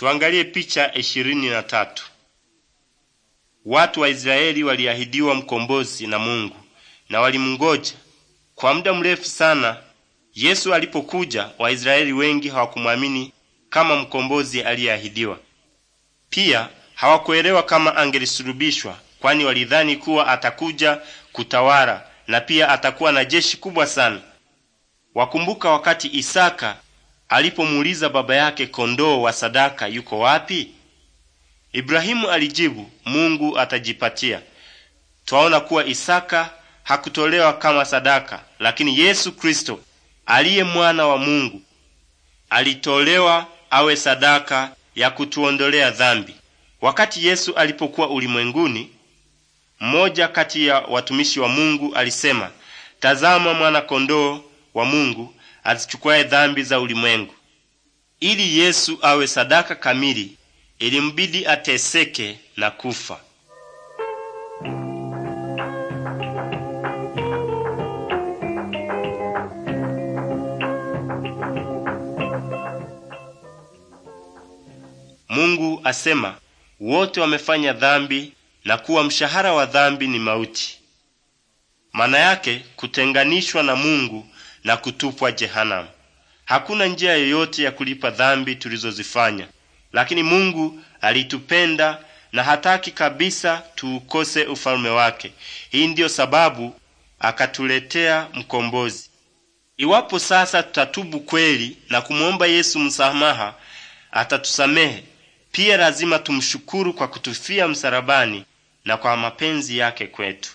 Tuangalie picha ishirini na tatu. Watu wa Israeli waliahidiwa mkombozi na Mungu na walimngoja kwa muda mrefu sana. Yesu alipokuja, Waisraeli wengi hawakumwamini kama mkombozi aliyeahidiwa. Pia hawakuelewa kama angelisulubishwa, kwani walidhani kuwa atakuja kutawala na pia atakuwa na jeshi kubwa sana. Wakumbuka wakati Isaka alipomuuliza baba yake kondoo wa sadaka yuko wapi? Ibrahimu alijibu, Mungu atajipatia. Twaona kuwa Isaka hakutolewa kama sadaka, lakini Yesu Kristo aliye mwana wa Mungu alitolewa awe sadaka ya kutuondolea dhambi. Wakati Yesu alipokuwa ulimwenguni, mmoja kati ya watumishi wa Mungu alisema, tazama mwana kondoo wa Mungu azichukwaye dhambi za ulimwengu. Ili Yesu awe sadaka kamili, ilimbidi ateseke na kufa. Mungu asema wote wamefanya dhambi na kuwa mshahara wa dhambi ni mauti. Maana yake kutenganishwa na Mungu na kutupwa jehanamu. Hakuna njia yoyote ya kulipa dhambi tulizozifanya, lakini Mungu alitupenda na hataki kabisa tuukose ufalme wake. Hii ndiyo sababu akatuletea mkombozi. Iwapo sasa tutatubu kweli na kumwomba Yesu msamaha, atatusamehe. Pia lazima tumshukuru kwa kutufia msalabani na kwa mapenzi yake kwetu.